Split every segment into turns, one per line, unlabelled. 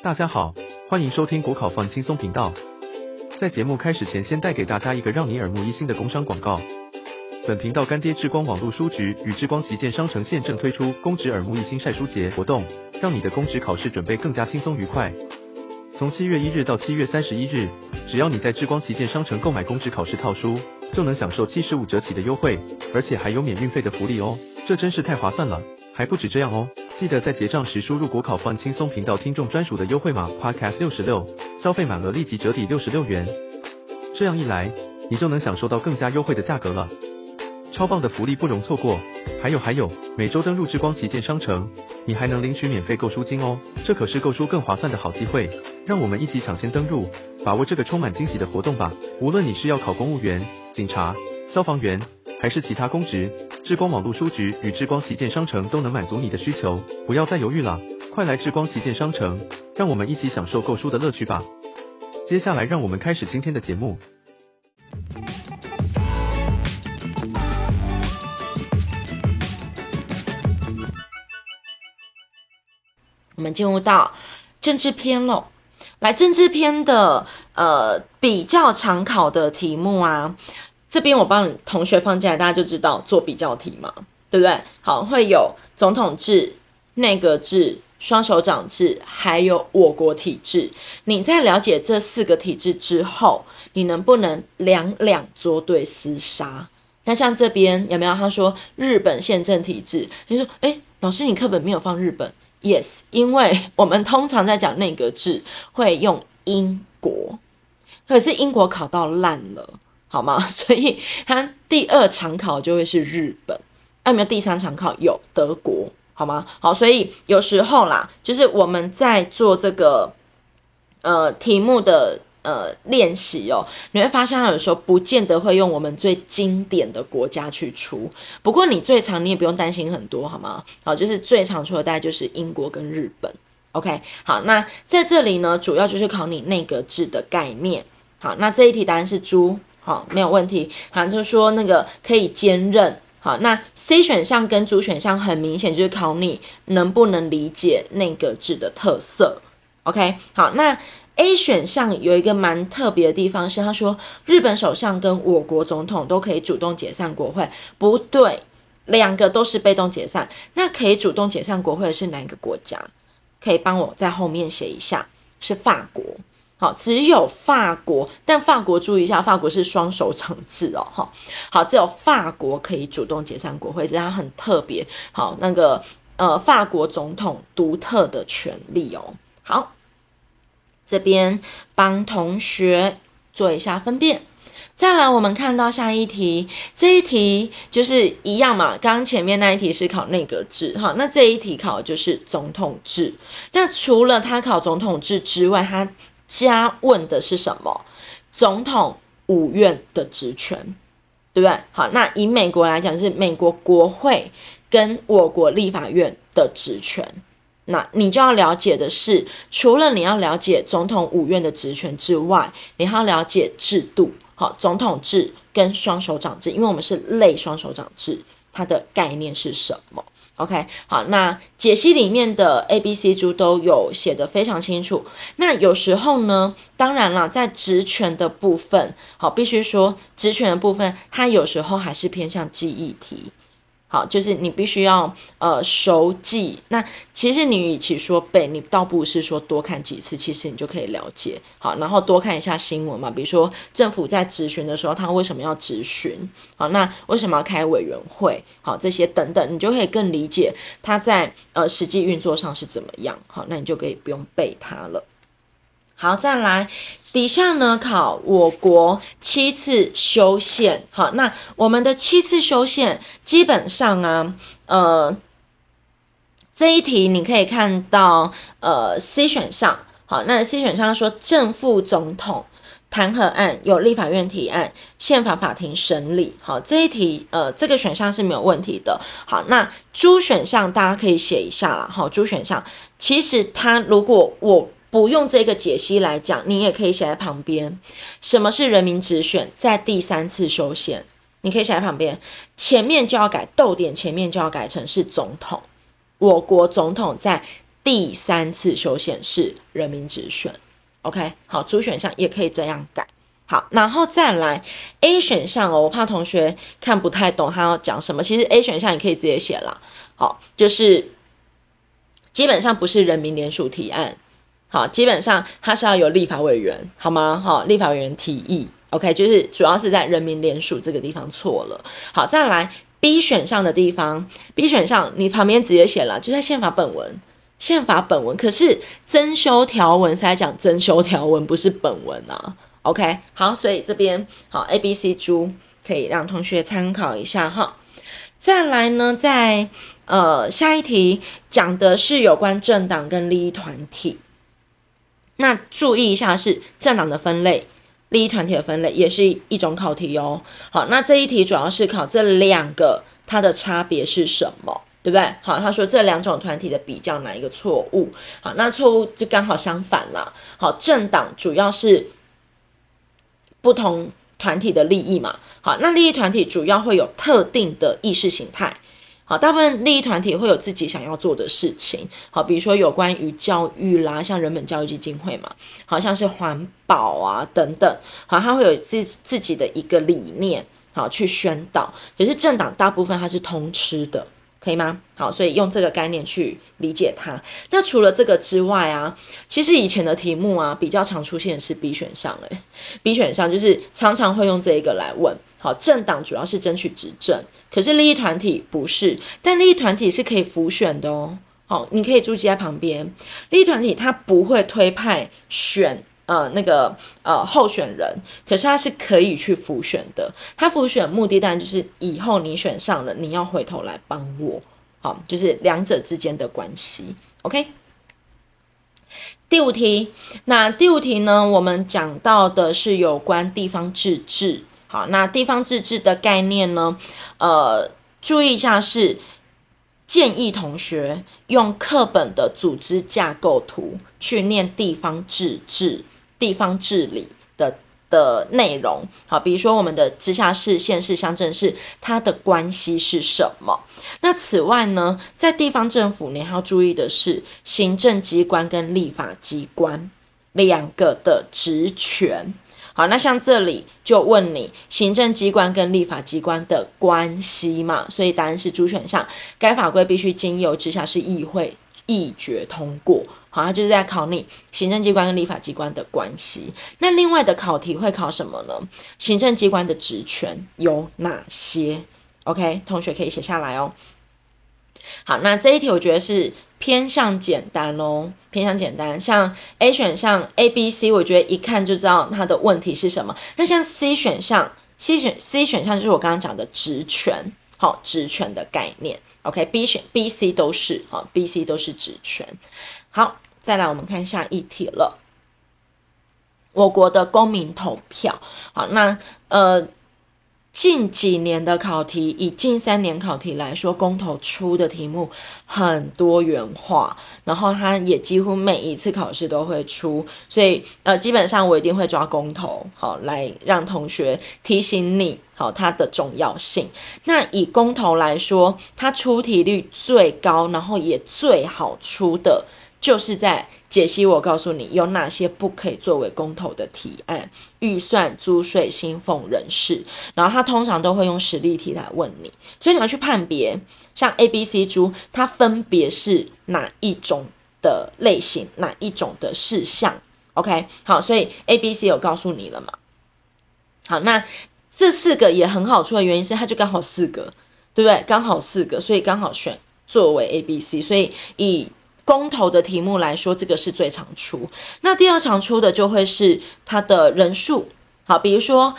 大家好，歡迎收聽國考放輕鬆頻道。在節目開始前，先帶給大家一個讓你耳目一新的工商廣告。本頻道乾爹志光網路書局與志光旗艦商城現正推出公職耳目一新曬書節活動，讓你的公職考試準備更加輕鬆愉快。從七月一日到七月三十一日，只要你在志光旗艦商城購買公職考試套書，就能享受七十五折起的優惠，而且還有免運費的福利哦，這真是太划算了！還不止這樣哦。記得在結賬時輸入國考 FUN 輕鬆頻道聽眾專屬的優惠碼 Podcast 66，消費滿額立即折抵66元。這樣一來，你就能享受到更加優惠的價格了。超棒的福利不容錯過！還有還有，每周登錄志光旗艦商城，你還能領取免費購書金哦，這可是購書更划算的好機會。讓我們一起搶先登錄，把握這個充滿驚喜的活動吧！無論你是要考公務員、警察、消防員。還是其他公職，志光網絡書局與志光旗艦商城都能滿足你的需求，不要再猶豫了，快來志光旗艦商城，讓我們一起享受購書的樂趣吧。接下來，讓我們開始今天的節目。
我們進入到政治篇囉，來政治篇的呃比較常考的題目啊。這邊我幫你同學放進來，大家就知道做比較題嘛，對不對？好，會有總統制、內閣制、雙手掌制，還有我國體制。你在了解這四個體制之後，你能不能兩兩作對廝殺？那像這邊有沒有他說日本憲政體制？你說，誒老師，你課本沒有放日本？Yes，因為我們通常在講內閣制會用英國，可是英國考到爛了。好嗎？所以它第二常考就會是日本。哎、啊，有沒有第三常考？有德國，好嗎？好，所以有時候啦，就是我們在做這個呃題目的呃練習哦，你會發現他有時候不見得會用我們最經典的國家去出。不過你最常你也不用擔心很多，好嗎？好，就是最常出的大概就是英國跟日本。OK，好，那在這裡呢，主要就是考你內閣制的概念。好，那這一題答案是豬。好，沒有問題。好、啊，就是說那個可以兼任。好，那 C 選項跟主選項很明顯就是考你能不能理解那個字的特色。OK，好，那 A 選項有一個蠻特別的地方是，他說日本首相跟我國總統都可以主動解散國會，不對，兩個都是被動解散。那可以主動解散國會的是哪一個國家？可以幫我在後面寫一下，是法國。好，只有法國，但法國注意一下，法國是雙首長制哦，哈，好，只有法國可以主動解散國會，這樣很特別，好，那個呃，法國總統獨特的權利哦，好，這邊幫同學做一下分辨，再來我們看到下一題，這一題就是一樣嘛，剛剛前面那一題是考內閣制，哈，那這一題考的就是總統制，那除了他考總統制之外，他加問的是什麼？總統五院的職權，對不對？好，那以美國來講是美國國會跟我國立法院的職權。那你就要了解的是，除了你要了解總統五院的職權之外，你還要了解制度。好，哦，總統制跟雙首長制，因為我們是類雙首長制，它的概念是什麼？OK，好，那解析裡面的 A、B、C、D 都有寫的非常清楚。那有時候呢，當然了，在職權的部分，好，必須說職權的部分，它有時候還是偏向記憶題。好，就是你必須要呃熟記。那其實你與其說背，你倒不如是說多看幾次，其實你就可以了解。好，然後多看一下新聞嘛，比如說政府在質詢的時候，他為什麼要質詢？好，那為什麼要開委員會？好，這些等等，你就可以更理解他在呃實際運作上是怎麼樣。好，那你就可以不用背它了。好，再來底下呢，考我國七次修憲。好，那我們的七次修憲基本上啊，呃，這一題你可以看到呃 C 選項。好，那 C 選項說，正副總統彈劾案由立法院提案，憲法法庭審理。好，這一題呃這個選項是沒有問題的。好，那諸選項大家可以寫一下啦。好，諸選項其實它如果我不用這個解析來講，你也可以寫在旁邊。什麼是人民直選？在第三次修憲，你可以寫在旁邊。前面就要改，逗點前面就要改成是總統。我國總統在第三次修憲是人民直選。OK，好，主選項也可以這樣改。好，然後再來 A 選項哦，我怕同學看不太懂他要講什麼，其實 A 選項你可以直接寫了。好，就是基本上不是人民連署提案。好，基本上他是要由立法委員，好嗎？哈、哦，立法委員提議，OK，就是主要是在人民聯署這個地方錯了。好，再來 B 選項的地方，B 選項你旁邊直接寫了就在憲法本文，憲法本文，可是增修條文是在講增修條文，不是本文啊，OK，好，所以這邊好 A、B、C、D 可以讓同學參考一下哈。再來呢，在呃下一題講的是有關政黨跟利益團體。那注意一下是政黨的分類，利益團體的分類也是一種考題哦。好，那這一題主要是考這兩個它的差別是什麼，對不對？好，他說這兩種團體的比較哪一個錯誤？好，那錯誤就剛好相反了。好，政黨主要是不同團體的利益嘛。好，那利益團體主要會有特定的意識形態。好，大部分利益團體會有自己想要做的事情，好，比如說有關於教育啦，像人本教育基金會嘛，好像是環保啊等等，好，他會有自自己的一個理念，好去宣導，可是政黨大部分它是通吃的。可以嗎？好，所以用這個概念去理解它。那除了這個之外啊，其實以前的題目啊比較常出現的是 B 選項嘞、欸。B 選項就是常常會用這一個來問。好，政黨主要是爭取執政，可是利益團體不是，但利益團體是可以輔選的哦。好，你可以注記在旁邊。利益團體它不會推派選。呃，那個呃候選人，可是他是可以去輔選的。他輔選目的當然就是以後你選上了，你要回頭來幫我，好，就是兩者之間的關係。OK。第五題，那第五題呢，我們講到的是有關地方自治。好，那地方自治的概念呢，呃，注意一下，是建議同學用課本的組織架構圖去念地方自治。地方治理的的內容，好，比如說我們的直轄市、縣市、鄉鎮市，它的關係是什麼？那此外呢，在地方政府，你還要注意的是行政機關跟立法機關兩個的職權。好，那像這裡就問你行政機關跟立法機關的關係嘛？所以答案是主選項，該法規必須經由直轄市議會。議決通過，好，他就是在考你行政機關跟立法機關的關係。那另外的考題會考什麼呢？行政機關的職權有哪些？OK，同學可以寫下來哦。好，那這一題我覺得是偏向簡單哦，偏向簡單。像 A 選項、A、B、C，我覺得一看就知道它的問題是什麼。那像 C 選項，C 選 C 選項就是我剛剛講的職權。好，職權的概念，OK，B 選 B、OK? C 都是啊，B、C 都是職權。好，再來我們看下一題了。我國的公民投票，好，那呃。近幾年的考題，以近三年考題來說，公投出的題目很多元化，然後他也幾乎每一次考試都會出，所以呃，基本上我一定會抓公投，好，來讓同學提醒你，好，它的重要性。那以公投來說，它出題率最高，然後也最好出的就是在。解析我告訴你有哪些不可以作為公投的提案，預算、租稅、薪俸、人事，然後他通常都會用實例題來問你，所以你要去判別，像 A、B、C 租，它分別是哪一種的類型，哪一種的事項，OK？好，所以 A、B、C 有告訴你了嘛？好，那這四個也很好出的原因是它就剛好四個，對不對？剛好四個，所以剛好選作為 A、B、C，所以以。公投的題目來說，這個是最常出。那第二常出的就會是它的人數。好，比如說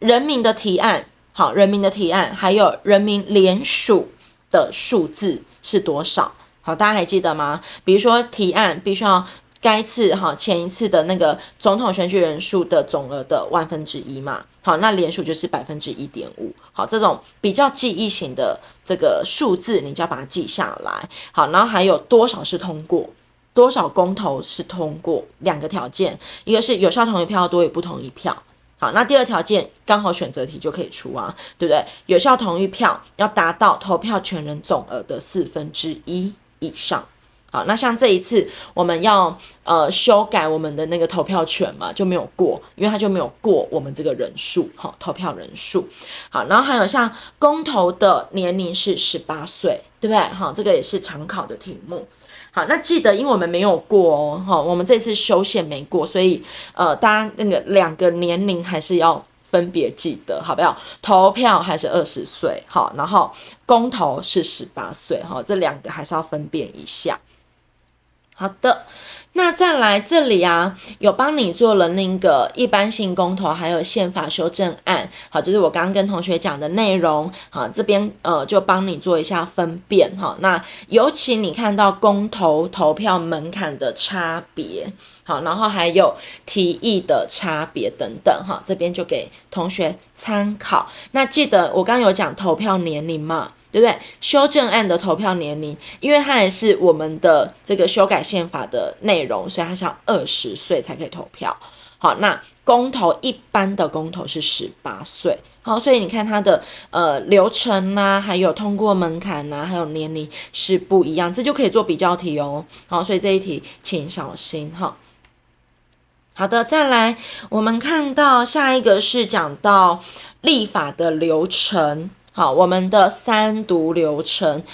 人民的提案，好，人民的提案還有人民聯署的數字是多少？好，大家還記得嗎？比如說提案，必須要。該次哈前一次的那個總統選舉人數的總額的萬分之一嘛，好，那連署就是百分之一點五，好，這種比較記憶型的這個數字，你就要把它記下來，好，然後還有多少是通過，多少公投是通過，兩個條件，一個是有效同意票多於不同意票，好，那第二條件剛好選擇題就可以出啊，對不對？有效同意票要達到投票權人總額的四分之一以上。好，那像這一次我們要呃修改我們的那個投票權嘛，就沒有過，因為它就沒有過我們這個人數哈、哦，投票人數。好，然後還有像公投的年齡是十八歲，對不對？好、哦，這個也是常考的題目。好，那記得因為我們沒有過哦，好、哦，我們這次修憲沒過，所以呃大家那個兩個年齡還是要分別記得，好不好？投票還是二十歲，哈，然後公投是十八歲，哈、哦，這兩個還是要分辨一下。好的，那再來這裡啊，有幫你做了那個一般性公投，還有憲法修正案。好，這、就是我剛跟同學講的內容，好，這邊呃就幫你做一下分辨哈。那尤其你看到公投投票門檻的差別，好，然後還有提議的差別等等哈，這邊就給同學參考。那記得我剛剛有講投票年齡嘛？對不對？修正案的投票年齡，因為它也是我們的這個修改憲法的內容，所以它是要二十歲才可以投票。好，那公投，一般的公投是十八歲。好，所以你看它的呃流程吶、啊，還有通過門檻吶、啊，還有年齡是不一樣，這就可以做比較題哦。好，所以這一題請小心哈。好的，再來我們看到下一個是講到立法的流程。好，我們的三讀流程，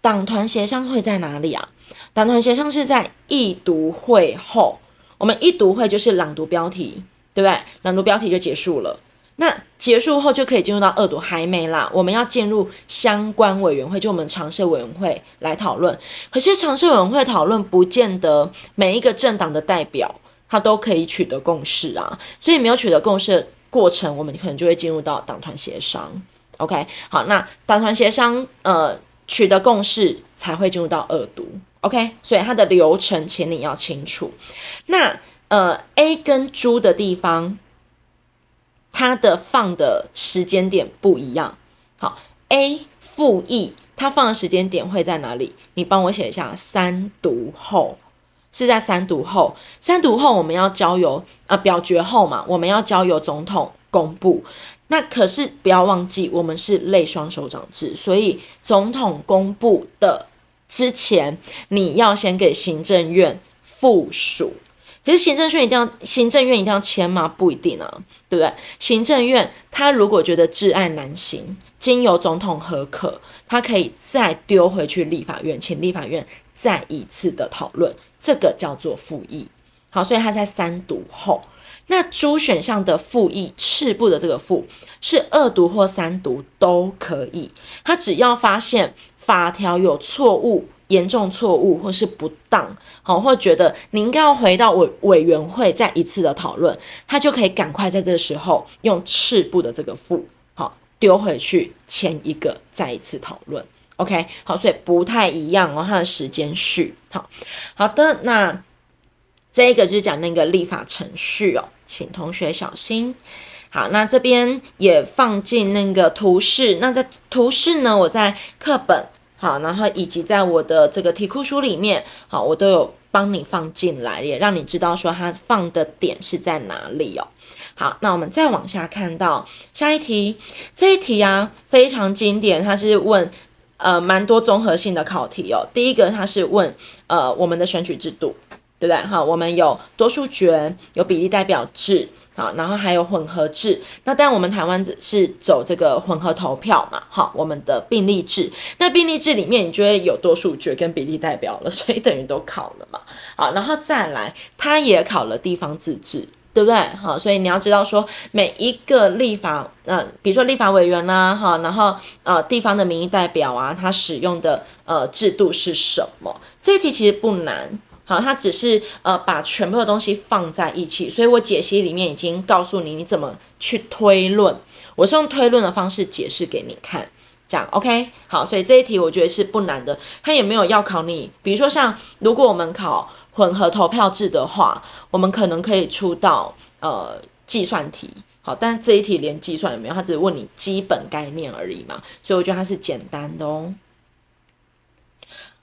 黨團協商會在哪裡啊？黨團協商是在一讀會後，我們一讀會就是朗讀標題，對不對？朗讀標題就結束了，那結束後就可以進入到二讀，還沒啦，我們要進入相關委員會，就我們常設委員會來討論。可是常設委員會討論不見得每一個政黨的代表他都可以取得共識啊，所以沒有取得共識的過程，我們可能就會進入到黨團協商。OK，好，那黨團協商呃取得共識才會進入到二讀，OK，所以它的流程請你要清楚。那呃 A 跟豬的地方，它的放的時間點不一樣。好，A 覆議，它放的時間點會在哪裡？你幫我寫一下三讀後，是在三讀後，三讀後我們要交由啊、呃、表決後嘛，我們要交由總統公布。那可是不要忘記，我們是類雙首長制，所以總統公布的之前，你要先給行政院副署。可是行政院一定要，行政院一定要簽嗎？不一定啊，對不對？行政院他如果覺得窒礙難行，經由總統核可，他可以再丟回去立法院，請立法院再一次的討論，這個叫做覆議。好，所以他在三讀後。那諸選項的復議，赤部的這個復是二讀或三讀都可以，他只要發現法條有錯誤、嚴重錯誤或是不當，好，或覺得你應該要回到委委員會再一次的討論，他就可以趕快在這個時候用赤部的這個復，好，丟回去前一個再一次討論，OK，好，所以不太一樣哦，他的時間序，好，好的，那。這個就是講那個立法程序哦，請同學小心。好，那這邊也放進那個圖示。那在圖示呢，我在課本好，然後以及在我的這個題庫書裡面好，我都有幫你放進來，也讓你知道說它放的點是在哪裡哦。好，那我們再往下看到下一題，這一題啊，非常經典，它是問呃蠻多綜合性的考題哦。第一個它是問呃我們的選舉制度。對不對？哈，我們有多數決，有比例代表制，好，然後還有混合制。那當然我們台灣是走這個混合投票嘛，哈，我們的並立制。那並立制裡面，你就會有多數決跟比例代表了，所以等於都考了嘛。好，然後再來，他也考了地方自治，對不對？哈，所以你要知道說每一個立法，那、呃、比如說立法委員啦，哈，然後呃地方的民意代表啊，他使用的呃制度是什麼？這一題其實不難。好，他只是呃把全部的東西放在一起，所以我解析裡面已經告訴你你怎麼去推論，我是用推論的方式解釋給你看，這樣 OK？好，所以這一題我覺得是不難的，他也沒有要考你，比如說像如果我們考混合投票制的話，我們可能可以出到呃計算題，好，但是這一題連計算也沒有，他只是問你基本概念而已嘛，所以我覺得它是簡單的哦。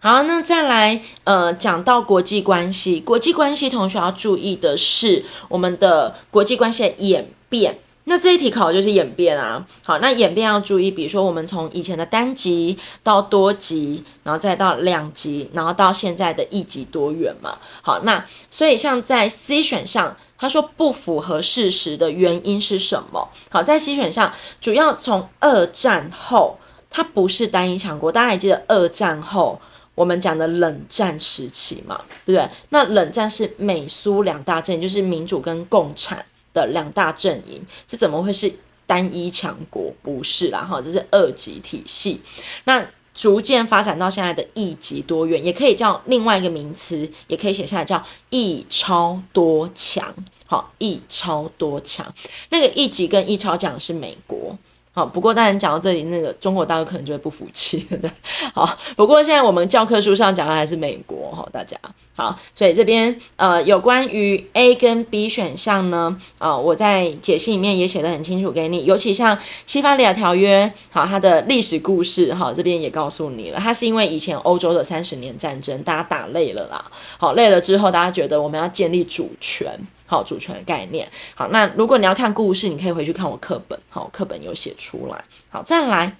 好，那再來，呃，講到國際關係，國際關係同學要注意的是，我們的國際關係的演變。那這一題考的就是演變啊。好，那演變要注意，比如說我們從以前的單極到多極，然後再到兩極，然後到現在的一極多元嘛。好，那所以像在 C 選項，他說不符合事實的原因是什麼？好，在 C 選項主要從二戰後，它不是單一強國，大家還記得二戰後，我們講的冷戰時期嘛，對不對？那冷戰是美蘇兩大陣營，就是民主跟共產的兩大陣營，這怎麼會是單一強國？不是啦，哈，這是二極體系。那逐漸發展到現在的一極多元，也可以叫另外一個名詞，也可以寫下來叫一超多強。好，一超多強，那個一極跟一超講的是美國。好，不過當然講到這裡，那個中國大陸可能就會不服氣了。好，不過現在我們教科書上講的還是美國。好，大家好，所以這邊呃有關於 A 跟 B 選項呢，呃我在解析裡面也寫得很清楚給你，尤其像《西法利亞條約》好，它的歷史故事哈這邊也告訴你了，它是因為以前歐洲的三十年戰爭大家打累了啦，好，累了之後大家覺得我們要建立主權。好，主權的概念。好，那如果你要看故事，你可以回去看我課本。好，課本有寫出來。好，再來，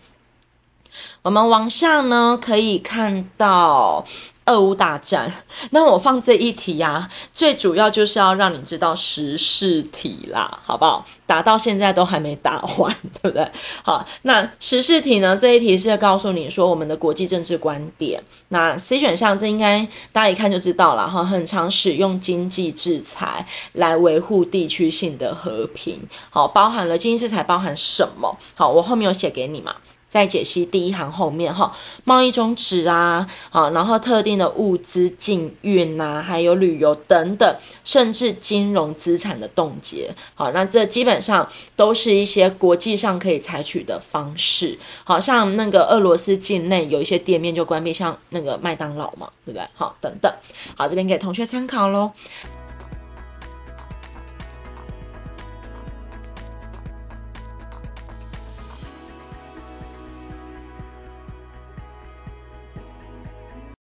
我們往下呢，可以看到。俄烏大戰，那我放這一題呀、啊，最主要就是要讓你知道時事題啦，好不好？打到現在都還沒打完，對不對？好，那時事題呢，這一題是要告訴你說我們的國際政治觀點。那 C 選項，這應該大家一看就知道了哈，很常使用經濟制裁來維護地區性的和平。好，包含了經濟制裁包含什麼？好，我後面有寫給你嘛。在解析第一行後面哈，貿易中止啊，啊，然後特定的物資禁運啊，還有旅遊等等，甚至金融資產的凍結，好，那這基本上都是一些國際上可以採取的方式，好，像那個俄羅斯境內有一些店面就關閉，像那個麥當勞嘛，對不對？好，等等，好，這邊給同學參考咯。